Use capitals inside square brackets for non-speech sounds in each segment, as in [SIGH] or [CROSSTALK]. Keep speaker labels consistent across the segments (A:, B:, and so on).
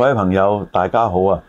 A: 各位朋友，大家好啊！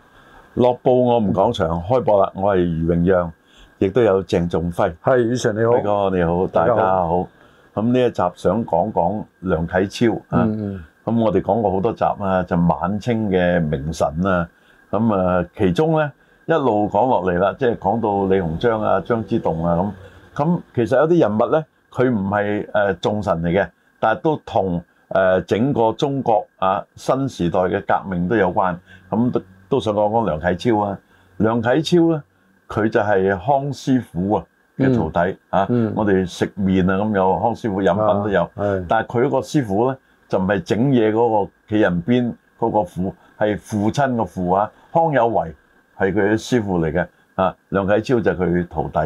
A: 《樂報我們講場》，開播啦！我係余榮讓，亦都有鄭仲輝。係，宇成你好，輝哥你好，大家好。咁呢一集想講講梁啟超啊。咁我哋講過好多集啊，就晚清嘅名臣啊。咁啊，其中咧一路講落嚟啦，即係講到李鴻章啊、張之洞啊咁。咁其實有啲人物咧，佢唔係誒眾臣嚟嘅，但係都同。誒整個中國啊，新時代嘅革命都有關咁，都都想講講梁啟超啊。梁啟超咧，佢就係康師傅啊嘅徒弟、嗯、啊。我哋食麵啊，咁有康師傅飲品都有，啊、但係佢個師傅咧就唔係整嘢嗰個企人邊嗰個父係父親嘅父啊。康有為係佢師傅嚟嘅啊，梁啟超就係佢徒弟。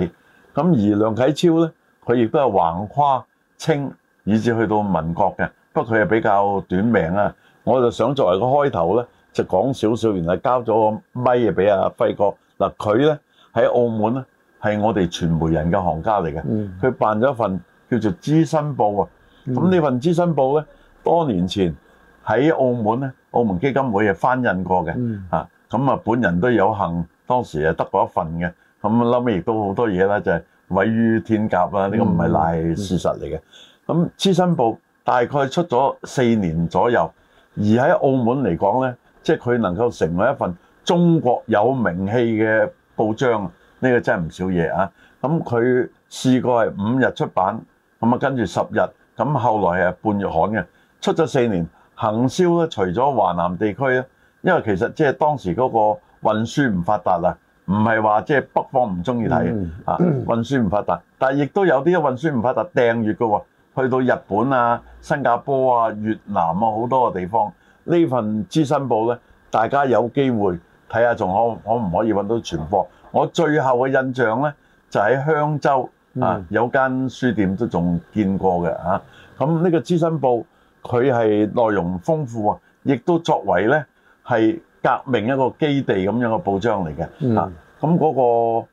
A: 咁而梁啟超咧，佢亦都係橫跨清以至去到民國嘅。不過佢係比較短命啊！我就想作為個開頭咧，就講少少。原來交咗個咪啊俾阿輝哥。嗱，佢咧喺澳門咧，係我哋傳媒人嘅行家嚟嘅。佢、嗯、辦咗一份叫做《知新報》啊、嗯。咁呢份《知新報》咧，多年前喺澳門咧，澳門基金會啊翻印過嘅。嗯、啊，咁啊本人都有幸當時啊得過一份嘅。咁後屘亦都好多嘢啦，就係位於天甲啊。呢、這個唔係賴事實嚟嘅。咁、嗯《知、嗯、新報》大概出咗四年左右，而喺澳門嚟講呢，即係佢能夠成為一份中國有名氣嘅報章，呢個真係唔少嘢啊！咁佢試過係五日出版，咁啊跟住十日，咁後來係半月刊嘅，出咗四年，行銷咧，除咗華南地區咧，因為其實即係當時嗰個運輸唔發達啊，唔係話即係北方唔中意睇啊，運輸唔發達，但係亦都有啲運輸唔發達訂閱㗎喎。去到日本啊、新加坡啊、越南啊好多個地方，份呢份知新報咧，大家有機會睇下，仲可可唔可以揾到存貨？我最後嘅印象咧，就喺香洲啊，有間書店都仲見過嘅吓。咁呢個知新報，佢係內容豐富啊，亦都作為咧係革命一個基地咁樣嘅報章嚟嘅。咁、啊、嗰、嗰個誒、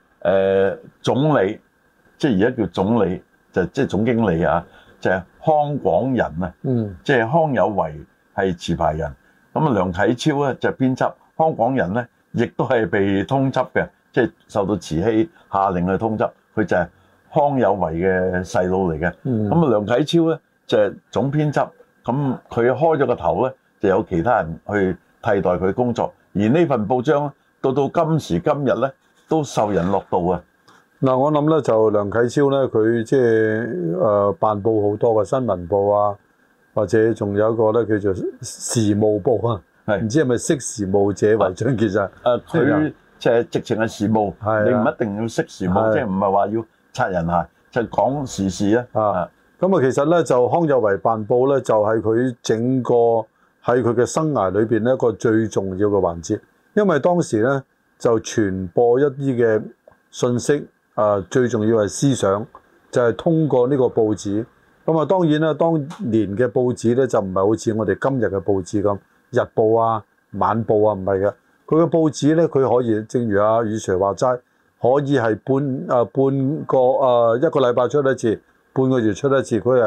A: 呃、總理，即係而家叫總理，就即、是、係總經理啊。就係康廣仁啊，即係康有為係持牌人，咁啊梁啟超咧就係編輯《康廣仁》咧，亦都係被通緝嘅，即係受到慈禧下令去通緝。佢就係康有為嘅細佬嚟嘅，咁啊梁啟超咧就係總編輯，咁佢開咗個頭咧，就有其他人去替代佢工作，而呢份報章到到今時今日咧都受
B: 人樂道啊！嗱、呃，我諗咧就梁啟超咧，佢即係誒辦報好多個新聞報啊，或者仲有一個咧叫做時務報啊，係唔是知係咪識時務者為俊傑是其實誒，佢即係直情係時務係你唔一定要識時務即係唔係話要拆人鞋，就講、是、時事啊。啊是，咁啊，其實咧就康有為辦報咧，就係、是、佢整個喺佢嘅生涯裏面一個最重要嘅環節，因為當時咧就傳播一啲嘅信息。啊，最重要係思想，就係、是、通過呢個報紙。咁啊，當然啦，當年嘅報紙咧就唔係好似我哋今日嘅報紙咁日報啊、晚報啊，唔係嘅。佢嘅報紙咧，佢可以，正如阿、啊、余 Sir 話齋，可以係半啊半個啊一個禮拜出一次，半個月出一次，佢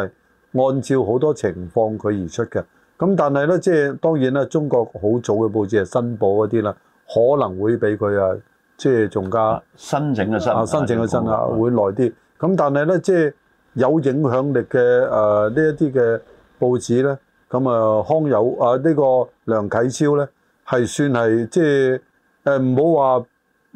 B: 係按照好多情況佢而出嘅。咁但係咧，即、就、係、是、當然啦，中國好早嘅報紙係《新報》嗰啲啦，可能會畀佢啊。即係仲加申請嘅新，政新，新，政新啊，申請嘅新啊，會耐啲。咁但係咧，即係有影響力嘅誒呢一啲嘅報紙咧，咁、呃、啊康有啊呢、呢個梁啟超咧，係算係即係唔好話，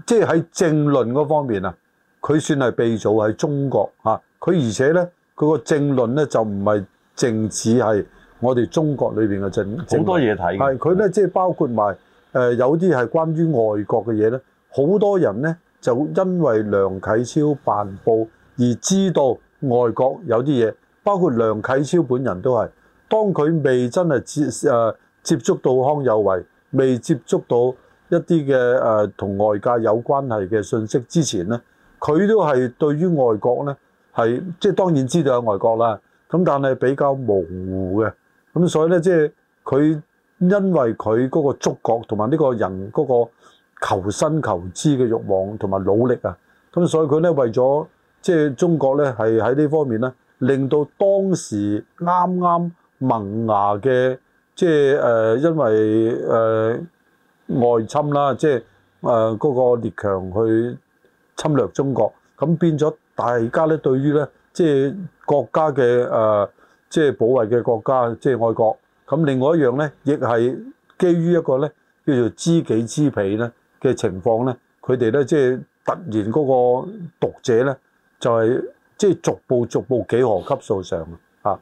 B: 即係喺政論嗰方面啊，佢算係鼻祖喺中國嚇。佢而且咧，佢個政論咧就唔係淨止係我哋中國裏邊嘅政好多嘢睇，係佢咧即係包括埋誒、呃、有啲係關於外國嘅嘢咧。好多人呢，就因為梁啟超辦報而知道外國有啲嘢，包括梁啟超本人都係。當佢未真係接誒、啊、接觸到康有為，未接觸到一啲嘅同外界有關係嘅信息之前呢，佢都係對於外國呢，係即係當然知道有外國啦。咁但係比較模糊嘅。咁所以呢，即係佢因為佢嗰個觸覺同埋呢個人嗰、嗰個。求新求知嘅欲望同埋努力啊，咁所以佢咧為咗即係中國咧係喺呢方面咧，令到當時啱啱萌芽嘅即係誒，因為誒、呃、外侵啦、啊，即係誒嗰個列強去侵略中國，咁變咗大家咧對於咧即係國家嘅誒，即、呃、係、就是、保衛嘅國家即係、就是、愛國。咁另外一樣咧亦係基於一個咧叫做知己知彼咧。嘅情況咧，佢哋咧即係突然嗰個讀者咧，就係即係逐步逐步幾何級數上
A: 啊！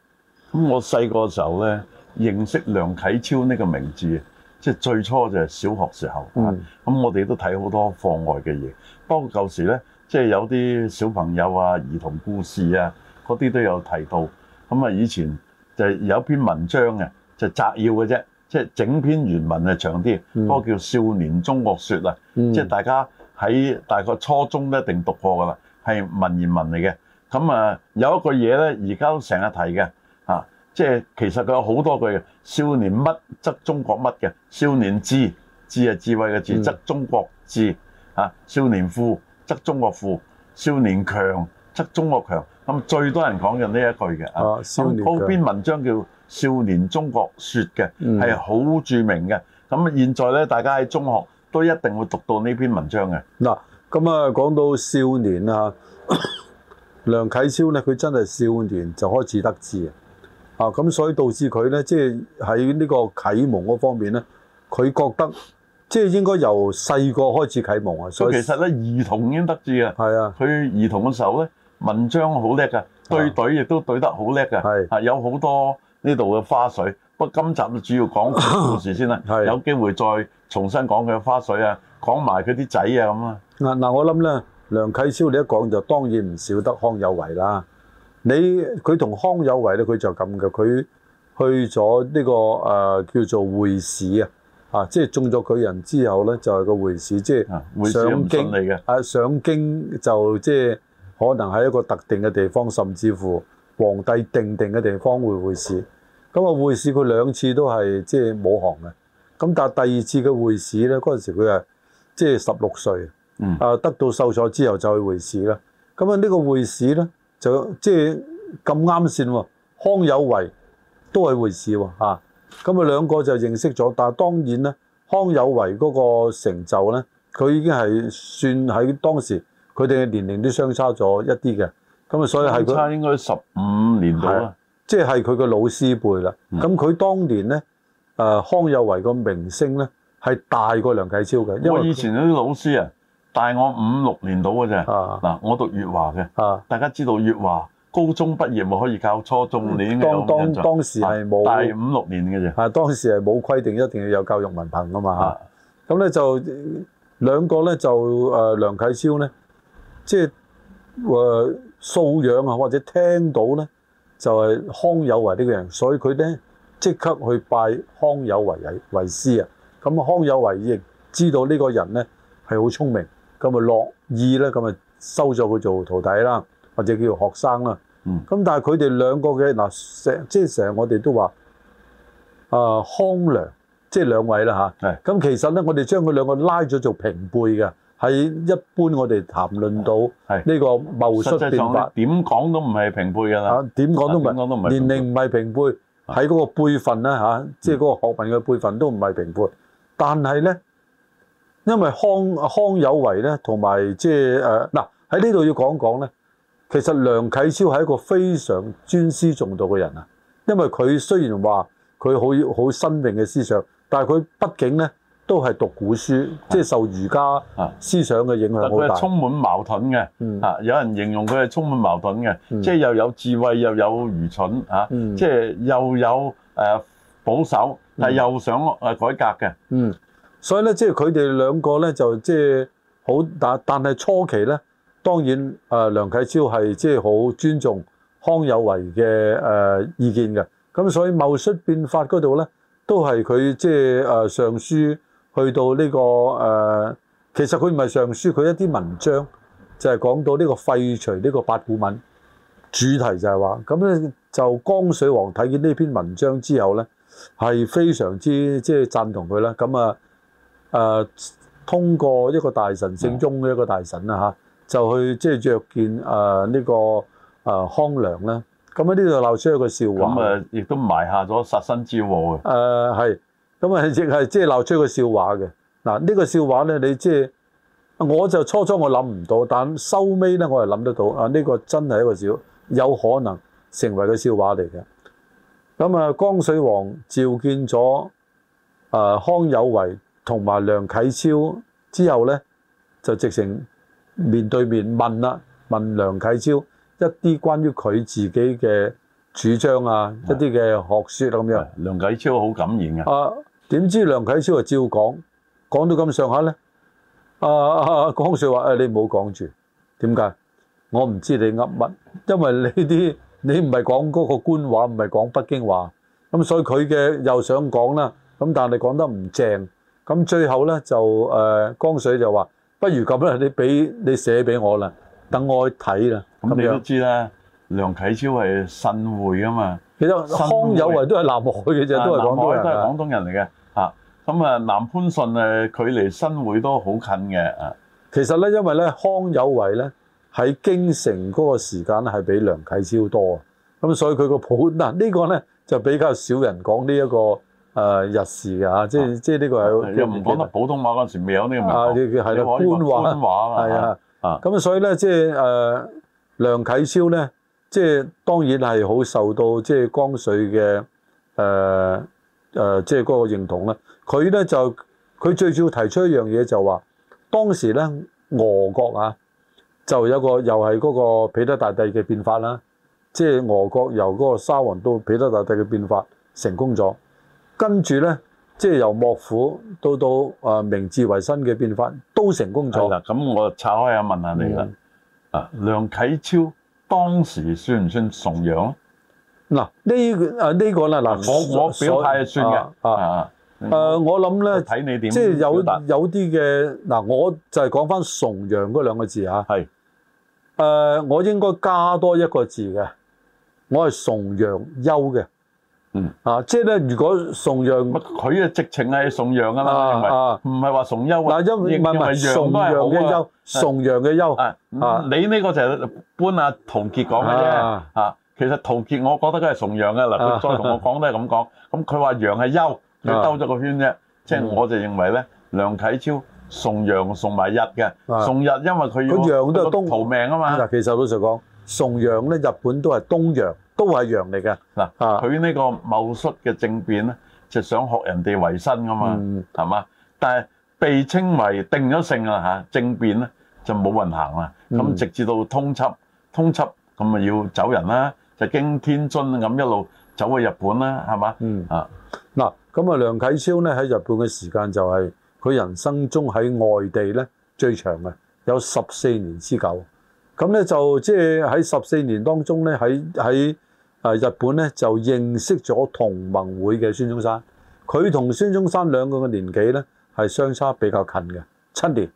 A: 咁我細個時候咧，認識梁啟超呢個名字，即係最初就係小學時候。咁、嗯、我哋都睇好多課外嘅嘢，包括舊時咧，即係有啲小朋友啊、兒童故事啊，嗰啲都有提到。咁啊，以前就係有篇文章嘅，就摘要嘅啫。即係整篇原文係長啲，嗰、那個、叫《少年中國說》啊、嗯！即係大家喺大概初中咧一定讀過噶啦，係、嗯、文言文嚟嘅。咁啊有一句嘢咧，而家都成日提嘅、啊、即係其實佢有好多句嘅，少年乜則中國乜嘅，少年智智係智慧嘅智、嗯、則中國智啊，少年富則中國富，少年強則中國強。咁最多人講嘅呢一句嘅啊，嗰、啊、篇文章叫少年中國說嘅係好著名嘅，咁現在咧，大家喺中學都一定會讀到呢篇文
B: 章嘅。嗱，咁啊講到少年啊，梁啟超咧，佢真係少年就開始得志啊！啊，咁所以導致佢咧，即係喺呢個啟蒙嗰方面咧，佢覺得即係、就是、應該由細個開始啟蒙啊。所以其實
A: 咧，兒童已經得志啊。係啊，佢兒童嘅時候咧，文章好叻嘅，對對亦、啊、都對得好叻嘅，係啊，有好多。呢度嘅花水，不過今集主要講故事先啦，係，有機會再重新講佢嘅花水啊，講埋佢啲仔
B: 啊咁啊。嗱嗱、啊，我諗咧，梁啟超你一講就當然唔少得康有為啦。你佢同康有為咧，佢就咁嘅，佢去咗呢、呢個誒、啊、叫做會試啊，啊，即係中咗舉人之後咧，就係、是、個會試，即、就、係、是、上京嚟嘅。啊，上京就即係可能喺一個特定嘅地方，甚至乎皇帝定定嘅地方會會試。咁啊會試佢兩次都係即係冇行嘅，咁但係第二次嘅會試咧，嗰陣時佢係即係十六歲，啊、嗯、得到秀才之後就去會試啦。咁啊呢個會試咧就即係咁啱線喎，康有為都係會試喎嚇。咁啊兩個就認識咗，但係當然咧，康有為嗰個成就咧，佢已經係算喺當時佢哋嘅年齡都相差咗一啲嘅。咁啊所以係差應該十五年到啦。即係佢個老師輩啦。咁佢、嗯、當年呢，呃、康有為個名聲呢，係大過梁啟超嘅。因為以前嗰啲
A: 老師啊，大我五六年到嘅啫。嗱、啊啊，我讀粵華嘅，啊、大家知道粵華
B: 高中畢業咪可以教初中年當當當當當時係冇、啊。大五六年嘅啫、啊。當當時係冇規定一定要有教育文憑㗎嘛。咁呢、啊，啊、就兩個呢，就、呃、梁啟超呢，即係、呃、素養啊或者聽到呢。就係康有為呢個人，所以佢咧即刻去拜康有為為師啊。咁康有為亦知道呢個人咧係好聰明，咁啊樂意咧，咁啊收咗佢做徒弟啦，或者叫做學生啦。嗯。咁但係佢哋兩個嘅嗱成即係成日我哋都話啊，呃，康梁，即係兩位啦吓。係。咁其實咧，我哋將佢兩個拉咗做平輩嘅。喺一般我哋談論到呢個謀術變化，點講都唔係平輩㗎啦。點講、啊、都唔係。年齡唔係平輩，喺嗰、啊、個輩份咧嚇，即係嗰個學問嘅輩份都唔係平輩。但係咧，因為康康有為咧，同埋即係誒嗱喺呢度要講講咧，其實梁啟超係一個非常尊師重道嘅人啊。因為佢雖然話佢好好新穎嘅思想，但係佢畢竟咧，都係讀古書，即係受儒家思想嘅影響好大。啊啊、佢係充滿矛盾嘅，嗯、啊，有人形容佢係充滿矛盾嘅，嗯、即
A: 係又有智慧又有愚蠢嚇，啊嗯、即係又有誒、呃、保守，但、嗯、又想誒改革
B: 嘅。嗯，所以咧，即係佢哋兩個咧，就即係好打，但係初期咧，當然啊，梁啟超係即係好尊重康有為嘅誒、呃、意見嘅。咁所以戊戌變法嗰度咧，都係佢即係誒上書。去到呢、這個誒、呃，其實佢唔係上書，佢一啲文章就係講到呢個廢除呢個八股文主題就係話，咁咧就江水王睇見呢篇文章之後咧，係非常之即係贊同佢啦。咁啊誒、啊，通過一個大臣，姓翁嘅一個大臣啦嚇、嗯啊，就去即係、就是、約見誒呢、啊這個誒、啊、康梁咧。咁喺呢度鬧出一個笑話，咁啊，亦都埋下咗殺身之禍嘅、啊。誒係、啊。咁啊，亦係即係鬧出個笑話嘅。嗱，呢個笑話咧，你即係我就初初我諗唔到，但收尾咧，我係諗得到。啊，呢、這個真係一個笑，有可能成為個笑話嚟嘅。咁啊，光緒皇召見咗啊、呃、康有為同埋梁啟超之後咧，就直情面對面問啦，問梁啟超一啲關於佢自己嘅主張啊，的一啲嘅學說咁、啊、樣。梁啟超好感染啊！啊點知梁啟超就照講，講到咁上下咧，啊江水話：，誒你唔好講住，點解？我唔知你噏乜，因為你啲你唔係講嗰個官話，唔係講北京話，咁所以佢嘅又想講啦，咁但係講得唔正，咁最後咧就誒江水就話：，不如咁啦，你俾你寫俾我啦，等我去睇啦。咁你都知啦，
A: 梁啟超係新會啊嘛。其實康有為都係南海嘅，啫會，都係廣東人嚟嘅。咁啊，南潘信誒，佢離新會都好近嘅。啊，
B: 其實咧，因為咧，康有為咧喺京城嗰個時間咧係比梁啟超多，咁所以佢、這個普嗱呢個咧就比較少人講呢一個誒、呃、日事嘅吓，啊啊、即係即係呢個係又唔講得普通話嗰陣時候，未、啊、有呢個名字啊，係啦，說官話係啊的啊。咁所以咧，即係誒、呃，梁啟超咧。即係當然係好受到即係江水嘅誒誒，即係嗰個認同啦。佢咧就佢最主要提出一樣嘢就話，當時咧俄國啊就有一個又係嗰個彼得大帝嘅變法啦。即係俄國由嗰個沙皇到彼得大帝嘅變法成功咗，跟住咧即係由幕府到到啊明治維新嘅變法都成功咗。
A: 咁我就拆開下問下你啦。嗯、啊，梁啟超。當時算唔算崇洋？
B: 嗱呢誒呢個啦，嗱，啊，這個啊、我我表態係算嘅，啊啊誒我諗咧，睇你點即係有有啲嘅，嗱，我就係講返崇洋嗰兩個字嚇係誒，我應該加多一個字嘅，我係崇洋優嘅。嗯啊，即係咧，如果崇洋，佢啊直情係崇洋噶啦，唔係唔係話崇優啊？嗱，一問崇洋嘅優，崇洋嘅優啊，你
A: 呢個就係搬阿陶傑講嘅啫。其實陶傑我覺得佢係崇洋嘅，嗱，佢再同我講都係咁講。咁佢話洋係優，佢兜咗個圈啫。即係我就認為咧，梁啟超崇洋崇埋日嘅，崇日因為佢要。佢洋都係東逃命啊嘛。嗱，
B: 其實老實講，崇洋咧，日本
A: 都係東洋。都係洋嚟嘅嗱，佢呢、啊、個戊戌嘅政變咧，就想學人哋維新啊嘛，係嘛、嗯？但係被稱為定咗性啦嚇、啊，政變咧就冇運行啦。咁、嗯、直至到通緝，通緝咁啊要走人啦，就經天津咁一路走去日本啦，係嘛？啊
B: 嗱、嗯，咁啊梁啟超咧喺日本嘅時間就係佢人生中喺外地咧最長嘅，有十四年之久。咁咧就即係喺十四年當中咧喺喺。啊！日本咧就認識咗同盟會嘅孫中山，佢同孫中山兩個嘅年紀咧係相差比較近嘅七年，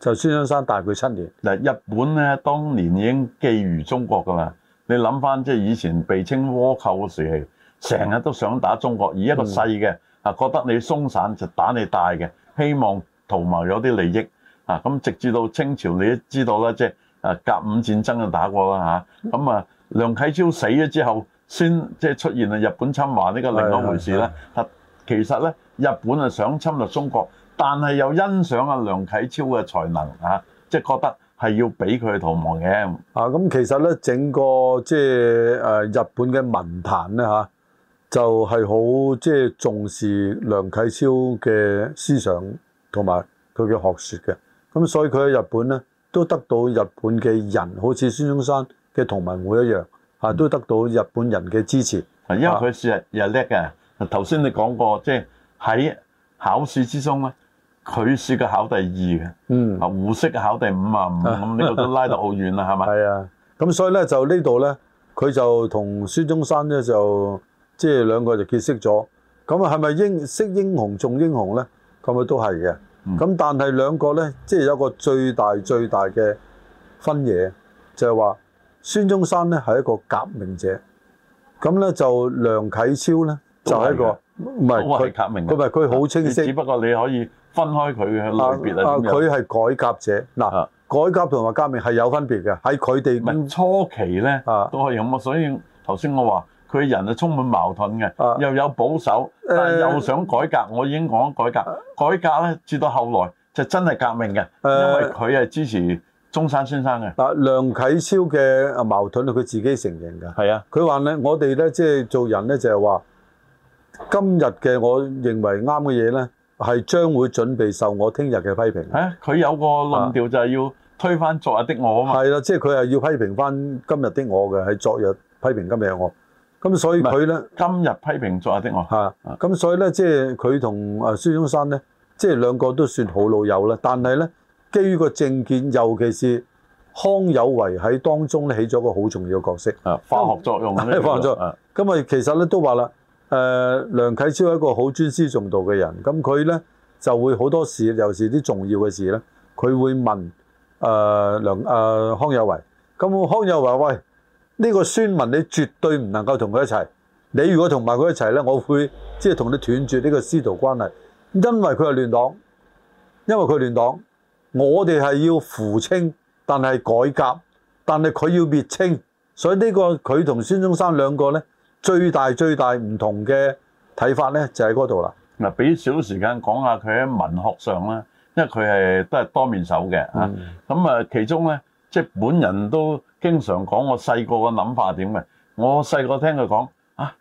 B: 就是、孫中山大佢七年。嗱，日本咧當年已經覬覦中國㗎喇，你諗
A: 返即係以前被稱倭寇嗰時期，成日都想打中國，以一個細嘅啊覺得你鬆散就打你大嘅，希望圖謀有啲利益啊！咁直至到清朝你都知道啦，即係啊甲午戰爭就打過啦嚇，咁啊～啊梁啟超死咗之後，先即係出現啊日本侵華呢個另外一回事啦。是的是的啊，其實咧，日本啊想侵略中國，但係又欣賞啊梁啟超嘅才能啊，即係覺得係要俾佢
B: 逃亡嘅、嗯啊嗯嗯。啊，咁其實咧，整個即係誒日本嘅文壇咧嚇，就係好即係重視梁啟超嘅思想同埋佢嘅學説嘅。咁所以佢喺日本咧都得到日本嘅人，好似孫中山。嘅同盟會一樣，嚇、嗯、都得到日本人嘅支持。
A: 啊，因為佢事實又叻嘅。頭先你講過，即係喺考試之中咧，佢試過考第二嘅，嗯，啊胡適考第五啊咁，呢個都拉得好遠啦，係咪 [LAUGHS] 吧？係啊。
B: 咁所以咧，就這裡呢度咧，佢就同孫中山咧就即係、就是、兩個就結識咗。咁啊，係咪英識英雄重英雄咧？咁啊都係嘅。咁、嗯、但係兩個咧，即、就、係、是、有個最大最大嘅分野，就係話。孫中山咧係一個革命者，咁咧就梁啟超咧就係一個，唔係佢唔係佢好清晰、啊。只不過你可以分開佢嘅類別，佢係、啊啊、改革者，嗱的改革同埋革命係有分別嘅。喺佢哋咁初期咧，都可以咁
A: 啊。所以頭先我話佢人係充滿矛盾嘅，的又有保守，但係又想改革。我已經講改革，改革咧至到後來就真係革命嘅，因為
B: 佢係支持。中山先生嘅，啊，梁啟超嘅矛盾，佢自己承認嘅。係啊，佢話咧，我哋咧即係做人咧，就係、是、話，今日嘅我認為啱嘅嘢咧，係將會準備受我聽日嘅批評。嚇、啊，佢有個論調就係要推翻昨日的我啊嘛。係啦、啊，即係佢係要批評翻今日的我嘅，係昨日批評今日嘅我。咁所以佢咧，今日批評昨日的我。嚇、啊，咁所以咧，即係佢同啊孫中山咧，即係兩個都算好老友啦，但係咧。基於個政見，尤其是康有為喺當中起咗一個好重要的角色的，化學作用咧，化學作用咁啊，的其實咧都話啦，誒、呃，梁啟超係一個好尊師重道嘅人，咁佢咧就會好多事，又是啲重要嘅事咧，佢會問誒、呃、梁誒、呃、康有為。咁康有為喂，呢、這個孫文你絕對唔能夠同佢一齊，你如果同埋佢一齊咧，我會即係同你斷絕呢個師徒關係，因為佢係亂黨，因為佢亂黨。我哋係要扶清，但係改革，但係佢要滅清，所以呢個佢同孫中山兩個咧最大最大唔同嘅睇法咧就喺嗰度啦。
A: 嗱，俾少時間講下佢喺文學上啦，因為佢係都係多面手嘅啊。咁啊、嗯，其中咧即係本人都經常講我細個嘅諗法係點嘅。我細個聽佢講啊，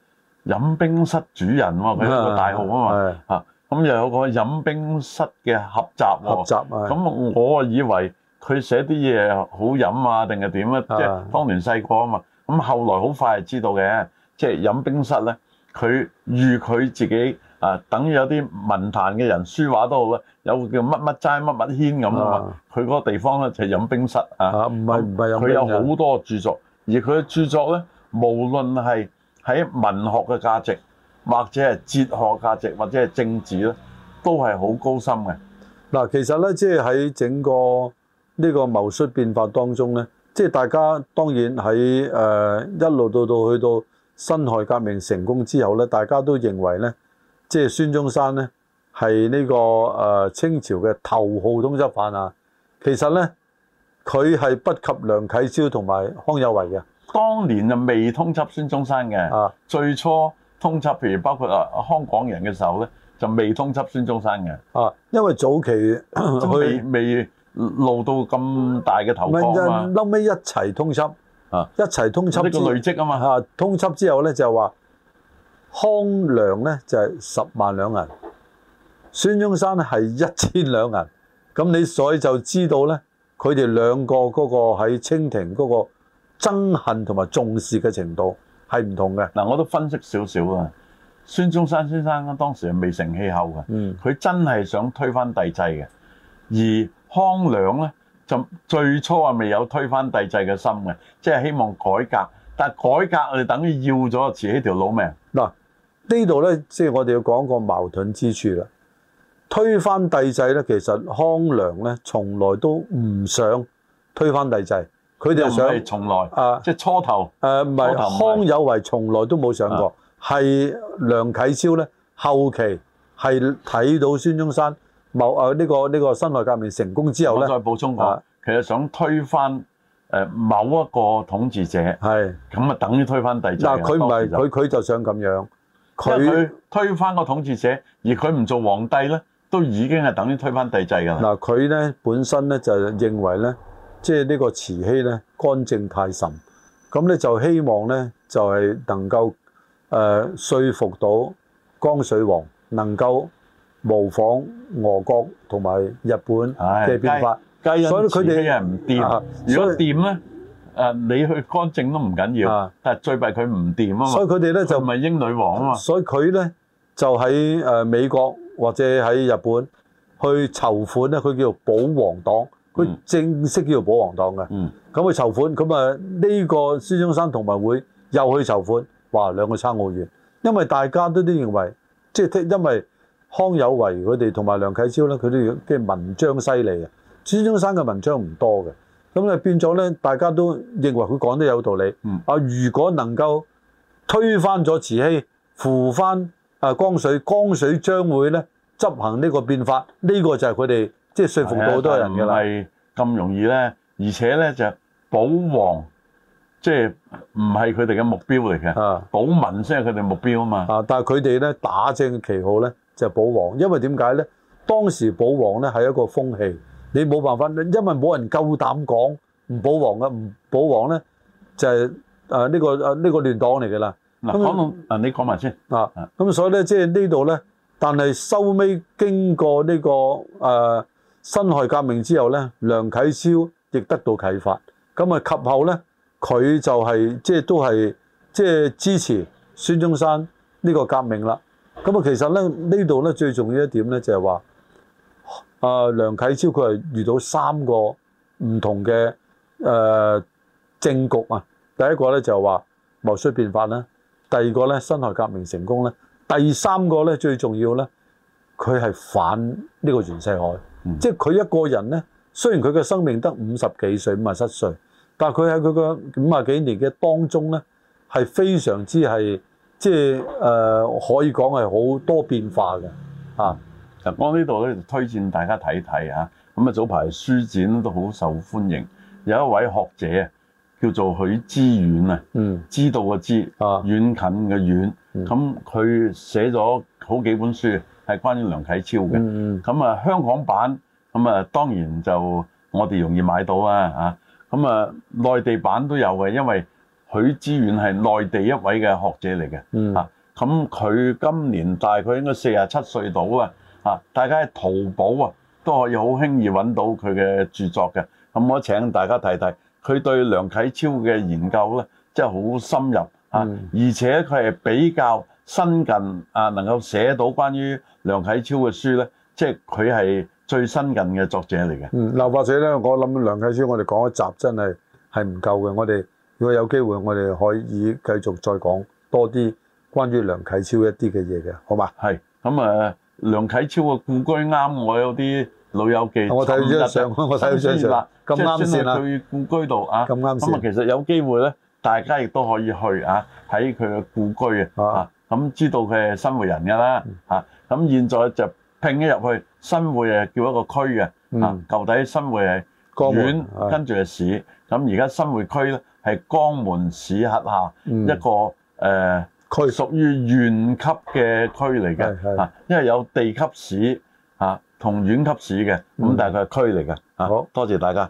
A: 飲冰室主人啊，佢個大號啊嘛啊。嗯嗯咁又有個飲冰室嘅合、哦、合集，學習啊！咁我啊以為佢寫啲嘢好飲啊，定係點啊？即係是當年細個啊嘛。咁後來好快就知道嘅，即、就、係、是、飲冰室咧，佢遇佢自己啊，等於有啲文壇嘅人，書畫都好啦，有叫乜乜齋乜乜軒咁啊。佢嗰是個地方咧就係、是、飲冰室啊。吓，唔係唔係，佢有好多著作，而佢嘅著作咧，無論係喺文學嘅價值。或者係哲學價值，或者
B: 係政治咧，都係好高深嘅。嗱，其實咧，即係喺整個呢個戊戌變法當中咧，即係大家當然喺誒一路到到去到辛亥革命成功之後咧，大家都認為咧，即係孫中山咧係呢個誒清朝嘅頭號通緝犯啊。其實咧，佢係不及梁啟超同埋康有為嘅。當年就
A: 未通緝孫中山嘅，最初。通緝，譬如包括啊，康廣仁嘅時候咧，就未通緝孫中山嘅。啊，
B: 因為早期即
A: 未露
B: 到咁大嘅頭光啊嘛。後屘、啊、一齊通緝啊，一齊通緝之、啊、個累積嘛啊嘛嚇。通緝之後咧就話康梁咧就係、是、十萬兩銀，孫中山咧係一千兩銀。咁你所以就知道咧，佢哋兩個嗰個喺清廷嗰個憎恨同埋重視嘅程度。係唔同嘅嗱，我都分析少少啊。孫中山先生啊，當時係未
A: 成氣候嘅，佢、嗯、真係想推翻帝制嘅。而康梁咧，就最初係未有推翻帝制嘅心嘅，即係希望改革。但係改
B: 革我哋等於要咗自己條老命嗱。呢度咧，即係、就是、我哋要講個矛盾之處啦。推翻帝制咧，其實康梁咧，從來都唔想推翻帝制。佢哋想從來啊，即係初頭。誒唔係康有為從來都冇想過，係、啊、梁啟超咧後期係睇到孫中山某誒呢、啊呢個呢、呢個辛亥革命成功之後咧。再補充下，其實、啊、想推翻誒某一個統治者，係咁啊，噉等
A: 於推翻帝制。嗱佢唔係佢
B: 佢就想咁樣，
A: 因為佢推翻個統治者，而佢唔做皇帝咧，都已經係等於推翻帝制㗎
B: 啦。嗱佢咧本身咧就認為咧。即係呢個慈禧咧干政太甚，咁咧就希望咧就係、是、能夠誒、呃、說服到光緒王能夠模仿俄國同埋日本嘅變法，所以佢哋嘅人唔掂啊！如果
A: 掂咧誒你去干政都唔緊要，但
B: 最弊佢唔掂啊！所以佢哋咧就唔係英女王啊嘛，所以佢咧就喺誒美國或者喺日本去籌款咧，佢叫做保皇黨。佢正式叫做保皇黨嘅，咁佢、嗯、籌款，咁呢個孫中山同盟會又去籌款，哇兩個差好遠，因為大家都都認為即係，因為康有為佢哋同埋梁啟超咧，佢哋嘅文章犀利啊，孫中山嘅文章唔多嘅，咁你變咗咧，大家都認為佢講得有道理，啊、嗯、如果能夠推翻咗慈禧，扶翻啊光緒，光緒將會咧執行呢個變法，呢、呢個就係佢哋。即係說服到好多人㗎啦、啊，唔係
A: 咁容易咧。而且咧就是、保皇，即係唔係佢哋
B: 嘅目標嚟嘅，是啊、保民先係佢哋目標啊嘛。是啊！但係佢哋咧打正嘅旗號咧就係、是、保皇，因為點解咧？當時保皇咧係一個風氣，你冇辦法，你因為冇人夠膽講唔保皇嘅，唔保皇咧就係誒呢個誒呢、這個亂黨嚟㗎啦。嗱到，講麼，嗱你講埋先，嗱、啊，咁所以咧即係呢度咧、就是，但係收尾經過呢、這個誒。呃辛亥革命之後咧，梁啟超亦得到啟發，咁啊及後咧，佢就係、是、即係都係即係支持孫中山呢個革命啦。咁啊其實咧呢度咧最重要一點咧就係話，啊、呃、梁啟超佢係遇到三個唔同嘅誒、呃、政局啊。第一個咧就係話戊戌變法啦，第二個咧辛亥革命成功咧，第三個咧最重要咧，佢係反呢個袁世凱。嗯、即係佢一個人咧，雖然佢嘅生命得五十幾歲，五十七歲，但係佢喺佢嘅五十幾年嘅當中咧，係非常之係即係誒、呃，可以講係好多變化嘅啊！嗯、我這裡呢度咧就推薦大家睇睇吓，咁啊早排書展都
A: 好受歡迎，有一位學者啊，叫做許知遠啊，嗯，知道嘅知，啊、嗯，遠近嘅遠，咁佢寫咗好幾本書。係關於梁啟超嘅，咁啊、嗯嗯、香港版，咁啊當然我們就我哋容易買到啦嚇。咁啊內地版都有嘅，因為許知遠係內地一位嘅學者嚟嘅嚇。咁佢、嗯、今年大概應該四十七歲到啊。嚇，大家喺淘寶啊都可以好輕易揾到佢嘅著作嘅。咁我請大家睇睇，佢對梁啟超嘅研究咧，真係好深入嚇，嗯、而且佢係比較。新近啊，能夠寫到關於梁啟超嘅書咧，即係佢係最新近嘅作者嚟嘅。
B: 嗯，劉作者咧，我諗梁啟超，我哋講一集真係係唔夠嘅。我哋如果有機會，我哋可以繼續再講多啲關於梁啟超一啲嘅嘢嘅，好嘛？係咁啊，梁
A: 啟超嘅故居啱我有啲老友記。我睇到上，我睇到上啦，咁啱先啦。去故居度啊，咁啱先咁啊，其實有機會咧，大家亦都可以去啊，喺佢嘅故居啊。咁知道佢係新會人噶啦，嚇！咁現在就拼一入去，新會誒叫一個區嘅，嚇、嗯！舊底新會係縣，跟住係市。咁而家新會區咧係江門市轄下、嗯、一個誒、呃、區，屬於縣級嘅區嚟嘅，嚇的！因為有地級市嚇同縣級市嘅，咁但係佢係區嚟嘅，嚇好！多謝大家。